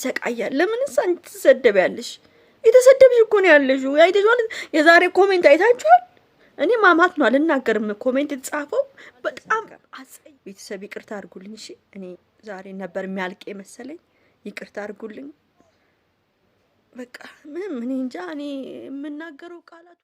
ይሰቃያል። ለምንስ አንቺ ትሰደቢያለሽ? የተሰደብሽ እኮ ነው ያለሽው። አይተሽዋል? የዛሬ ኮሜንት አይታችኋል? እኔ ማማት ነው አልናገርም። ኮሜንት የተጻፈው በጣም አጸይ። ቤተሰብ ይቅርታ አድርጉልኝ። እሺ እኔ ዛሬ ነበር የሚያልቅ የመሰለኝ። ይቅርታ አድርጉልኝ። በቃ ምንም እኔ እንጃ። እኔ የምናገረው ቃላት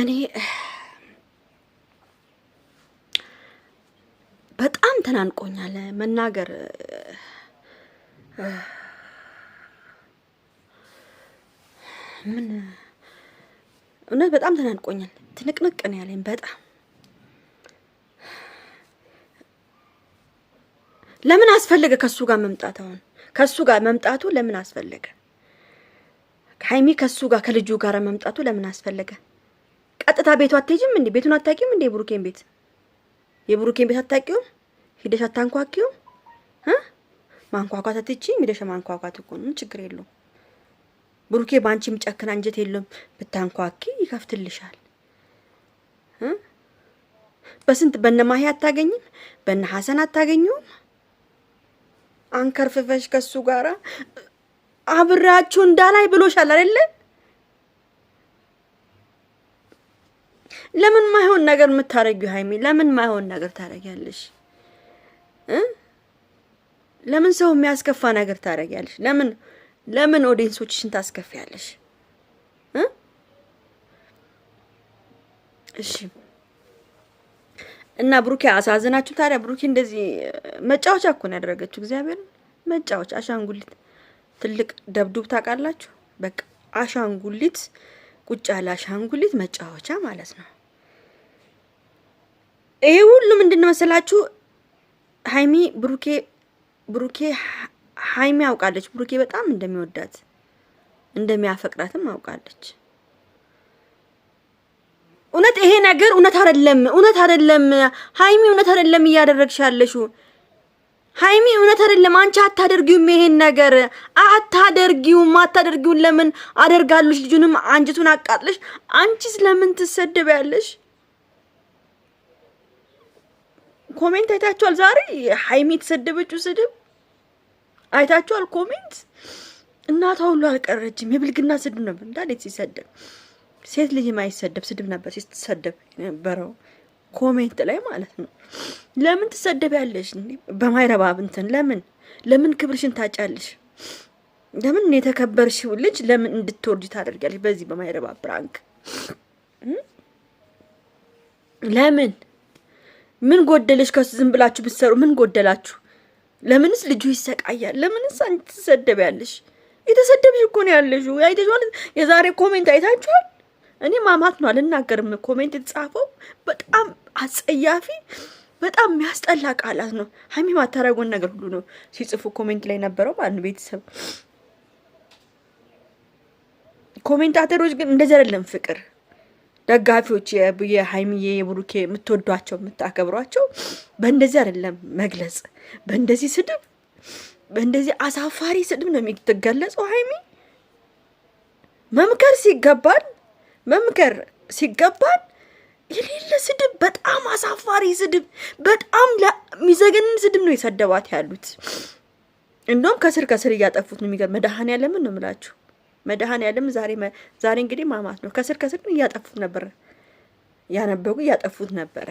እኔ በጣም ተናንቆኛል መናገር ምን እውነት በጣም ተናንቆኛል። ትንቅንቅ ነው ያለኝ። በጣም ለምን አስፈለገ ከሱ ጋር መምጣት? አሁን ከሱ ጋር መምጣቱ ለምን አስፈለገ? ሀይሚ ከሱ ጋር ከልጁ ጋር መምጣቱ ለምን አስፈለገ? ማታ ቤቱ አትሄጂም እንዴ? ቤቱን አታውቂውም እንዴ? የብሩኬን ቤት የብሩኬን ቤት አታውቂውም? ሂደሽ አታንኳኪው ማንኳኳት አትችይም። ሂደሽ ማንኳኳት እኮ ነው፣ ችግር የለውም ብሩኬ። በአንቺም ጨክን አንጀት የለውም ብታንኳኪ ይከፍትልሻል። በስንት በነ ማሂ አታገኝም፣ በነ ሀሰን አታገኘውም። አንከርፍፈሽ ከሱ ጋራ አብራችሁ እንዳላይ ብሎሻል አይደለም ለምን ማይሆን ነገር የምታረጊው ሀይሚ? ለምን ማይሆን ነገር ታረጊያለሽ? ለምን ሰው የሚያስከፋ ነገር ታረጊያለሽ? ለምን ለምን ኦዲየንሶችሽን ታስከፊያለሽ? እሺ እና ብሩኬ አሳዝናችሁ። ታዲያ ብሩኬ እንደዚህ መጫወቻ እኮ ነው ያደረገችው። እግዚአብሔርን መጫወቻ አሻንጉሊት፣ ትልቅ ደብዱብ ታውቃላችሁ። በቃ አሻንጉሊት ቁጭ ያለ አሻንጉሊት መጫወቻ ማለት ነው። ይሄ ሁሉ ምንድን ነው መሰላችሁ? ሀይሚ ብሩኬ ብሩኬ ሀይሚ አውቃለች ብሩኬ በጣም እንደሚወዳት እንደሚያፈቅራትም አውቃለች። እውነት ይሄ ነገር እውነት አይደለም፣ እውነት አይደለም ሀይሚ፣ እውነት አይደለም እያደረግሽ ያለሽው ሀይሚ፣ እውነት አይደለም። አንቺ አታደርጊውም፣ ይሄን ነገር አታደርጊውም። አታደርጊውን ለምን አደርጋለሽ? ልጁንም አንጀቱን አቃጥለሽ አንቺስ ለምን ትሰደበያለሽ? ኮሜንት አይታችኋል? ዛሬ ሀይሚ የተሰደበችው ስድብ አይታችኋል? ኮሜንት እናቷ ሁሉ አልቀረችም። የብልግና ስድብ ነበር እንዳዴት ሲሰደብ ሴት ልጅ የማይሰደብ ስድብ ነበር ሲሰደብ የነበረው ኮሜንት ላይ ማለት ነው። ለምን ትሰደብ ያለሽ በማይረባ እንትን ለምን ለምን ክብርሽን ታጫለሽ? ለምን የተከበርሽው ልጅ ለምን እንድትወርጅ ታደርጊያለሽ? በዚህ በማይረባ ብራንክ ለምን ምን ጎደለሽ? ከሱ ዝም ብላችሁ ብትሰሩ ምን ጎደላችሁ? ለምንስ ልጁ ይሰቃያል? ለምንስ አንቺ ትሰደቢያለሽ? የተሰደብሽ እኮ ነው ያለሽው። ያይተሽዋል። የዛሬ ኮሜንት አይታችኋል? እኔ ማማት ነው አልናገርም። ኮሜንት የተጻፈው በጣም አጸያፊ፣ በጣም የሚያስጠላ ቃላት ነው። ሀይሚ ማታረጎን ነገር ሁሉ ነው ሲጽፉ ኮሜንት ላይ ነበረው ማለት ቤተሰብ ኮሜንታተሮች ግን እንደዚህ አይደለም ፍቅር ደጋፊዎች የሀይሚዬ የብሩኬ የምትወዷቸው የምታከብሯቸው በእንደዚህ አይደለም መግለጽ፣ በእንደዚህ ስድብ፣ በእንደዚህ አሳፋሪ ስድብ ነው የምትገለጸው። ሀይሚ መምከር ሲገባን መምከር ሲገባን የሌለ ስድብ፣ በጣም አሳፋሪ ስድብ፣ በጣም የሚዘገንን ስድብ ነው የሰደባት ያሉት። እንደውም ከስር ከስር እያጠፉት ነው የሚገርም መድኃኔዓለምን ነው የምላችሁ። መድኃኔዓለም ዛሬ ዛሬ እንግዲህ ማማት ነው። ከስር ከስር እያጠፉት ነበር ያነበቡ እያጠፉት ነበረ።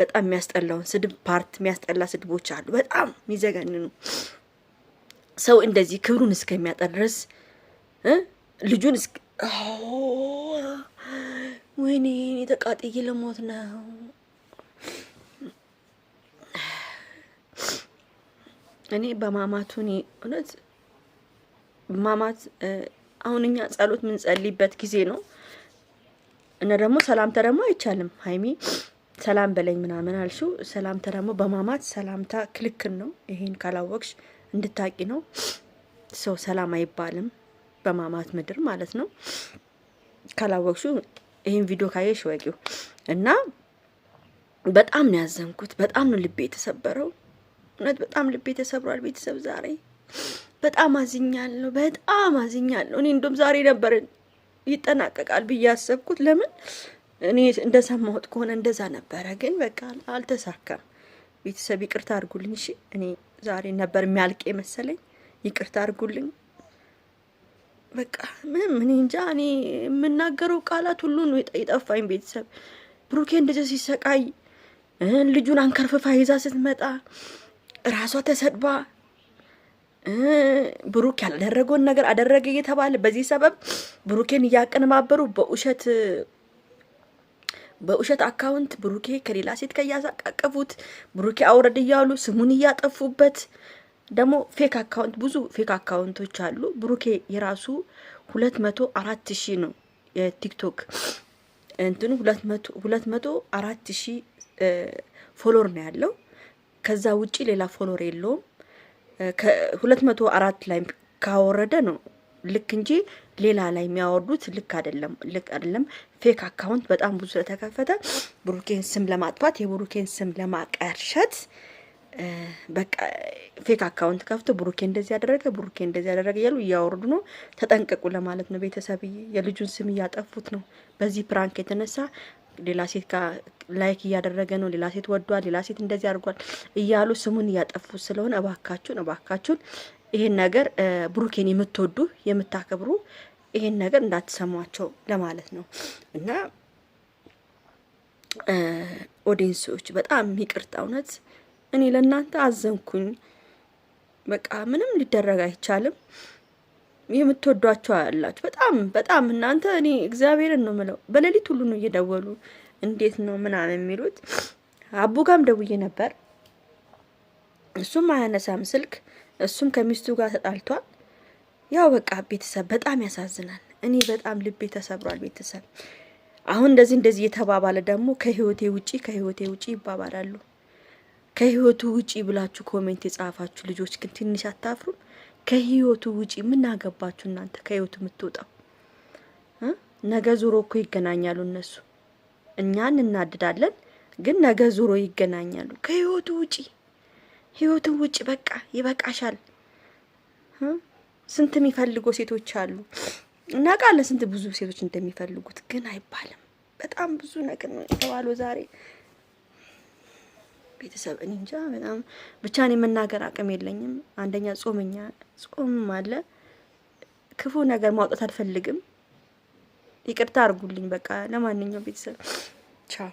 በጣም የሚያስጠላውን ስድብ ፓርት የሚያስጠላ ስድቦች አሉ፣ በጣም የሚዘገንኑ ሰው እንደዚህ ክብሩን እስከሚያጠር ድረስ ልጁን እስከ ወይኔ ተቃጥዬ ለሞት ነው እኔ በማማቱ እውነት ማማት አሁን እኛ ጸሎት የምንጸልይበት ጊዜ ነው እና ደግሞ ሰላምታ ደግሞ አይቻልም። ሀይሚ ሰላም በለኝ ምናምን አልሽው። ሰላምታ ደግሞ በማማት ሰላምታ ክልክል ነው። ይሄን ካላወቅሽ እንድታቂ ነው። ሰው ሰላም አይባልም በማማት ምድር ማለት ነው። ካላወቅሹ ይሄን ቪዲዮ ካየሽ ወቂው እና በጣም ነው ያዘንኩት። በጣም ነው ልቤ የተሰበረው። እውነት በጣም ልቤ ተሰብሯል። ቤተሰብ ዛሬ በጣም አዝኛለሁ፣ በጣም አዝኛለሁ። እኔ እንደም ዛሬ ነበር ይጠናቀቃል ብዬ ያሰብኩት። ለምን እኔ እንደሰማሁት ከሆነ እንደዛ ነበረ፣ ግን በቃ አልተሳካም። ቤተሰብ ይቅርታ አድርጉልኝ። እሺ እኔ ዛሬ ነበር የሚያልቅ የመሰለኝ። ይቅርታ አድርጉልኝ። በቃ ምንም እኔ እንጃ። እኔ የምናገረው ቃላት ሁሉ ነው የጠፋኝ። ቤተሰብ ብሩኬ እንደዚ ሲሰቃይ ልጁን አንከርፍፋ ይዛ ስትመጣ እራሷ ተሰድባ ብሩክ ያላደረገውን ነገር አደረገ እየተባለ በዚህ ሰበብ ብሩኬን እያቀነባበሩ በውሸት በውሸት አካውንት ብሩኬ ከሌላ ሴት ከያሳቃቀፉት ብሩኬ አውረድ እያሉ ስሙን እያጠፉበት ደግሞ ፌክ አካውንት ብዙ ፌክ አካውንቶች አሉ። ብሩኬ የራሱ ሁለት መቶ አራት ሺ ነው የቲክቶክ እንትኑ ሁለት መቶ አራት ሺ ፎሎር ነው ያለው። ከዛ ውጪ ሌላ ፎሎር የለውም። ሁለት መቶ አራት ላይ ካወረደ ነው ልክ እንጂ ሌላ ላይ የሚያወርዱት ልክ አይደለም፣ ልክ አይደለም። ፌክ አካውንት በጣም ብዙ ስለተከፈተ ብሩኬን ስም ለማጥፋት የብሩኬን ስም ለማቀርሸት በቃ ፌክ አካውንት ከፍቶ ብሩኬ እንደዚህ ያደረገ ብሩኬ እንደዚህ ያደረገ እያሉ እያወርዱ ነው። ተጠንቀቁ ለማለት ነው ቤተሰብ። የልጁን ስም እያጠፉት ነው። በዚህ ፕራንክ የተነሳ ሌላ ሴት ላይክ እያደረገ ነው፣ ሌላ ሴት ወዷል፣ ሌላ ሴት እንደዚህ አድርጓል እያሉ ስሙን እያጠፉ ስለሆነ እባካችሁን እባካችሁን ይሄን ነገር ብሩኬን የምትወዱ የምታከብሩ ይሄን ነገር እንዳትሰሟቸው ለማለት ነው እና ኦዲንሶች በጣም ይቅርታ እውነት እኔ ለእናንተ አዘንኩኝ። በቃ ምንም ሊደረግ አይቻልም። የምትወዷቸው አላችሁ። በጣም በጣም እናንተ እኔ እግዚአብሔርን ነው ምለው፣ በሌሊት ሁሉ ነው እየደወሉ እንዴት ነው ምናምን የሚሉት። አቡ ጋም ደውዬ ነበር፣ እሱም አያነሳም ስልክ። እሱም ከሚስቱ ጋር ተጣልቷል። ያው በቃ ቤተሰብ በጣም ያሳዝናል። እኔ በጣም ልቤ ተሰብሯል። ቤተሰብ አሁን እንደዚህ እንደዚህ እየተባባለ ደግሞ ከህይወቴ ውጪ ከህይወቴ ውጪ ይባባላሉ። ከህይወቱ ውጪ ብላችሁ ኮሜንት የጻፋችሁ ልጆች ግን ትንሽ አታፍሩም? ከህይወቱ ውጪ ምን አገባችሁ እናንተ? ከህይወቱ የምትወጣው ነገ ዙሮ እኮ ይገናኛሉ እነሱ። እኛን እናድዳለን፣ ግን ነገ ዙሮ ይገናኛሉ። ከህይወቱ ውጪ ህይወቱ ውጪ በቃ ይበቃሻል። ስንት የሚፈልጉ ሴቶች አሉ። እናውቃለን ስንት ብዙ ሴቶች እንደሚፈልጉት፣ ግን አይባልም። በጣም ብዙ ነገር ነው የተባለው ዛሬ ቤተሰብ እኔ እንጃ በጣም ብቻ እኔ የመናገር አቅም የለኝም። አንደኛ ጾምኛ ጾምም አለ። ክፉ ነገር ማውጣት አልፈልግም። ይቅርታ አድርጉልኝ። በቃ ለማንኛውም ቤተሰብ ቻው።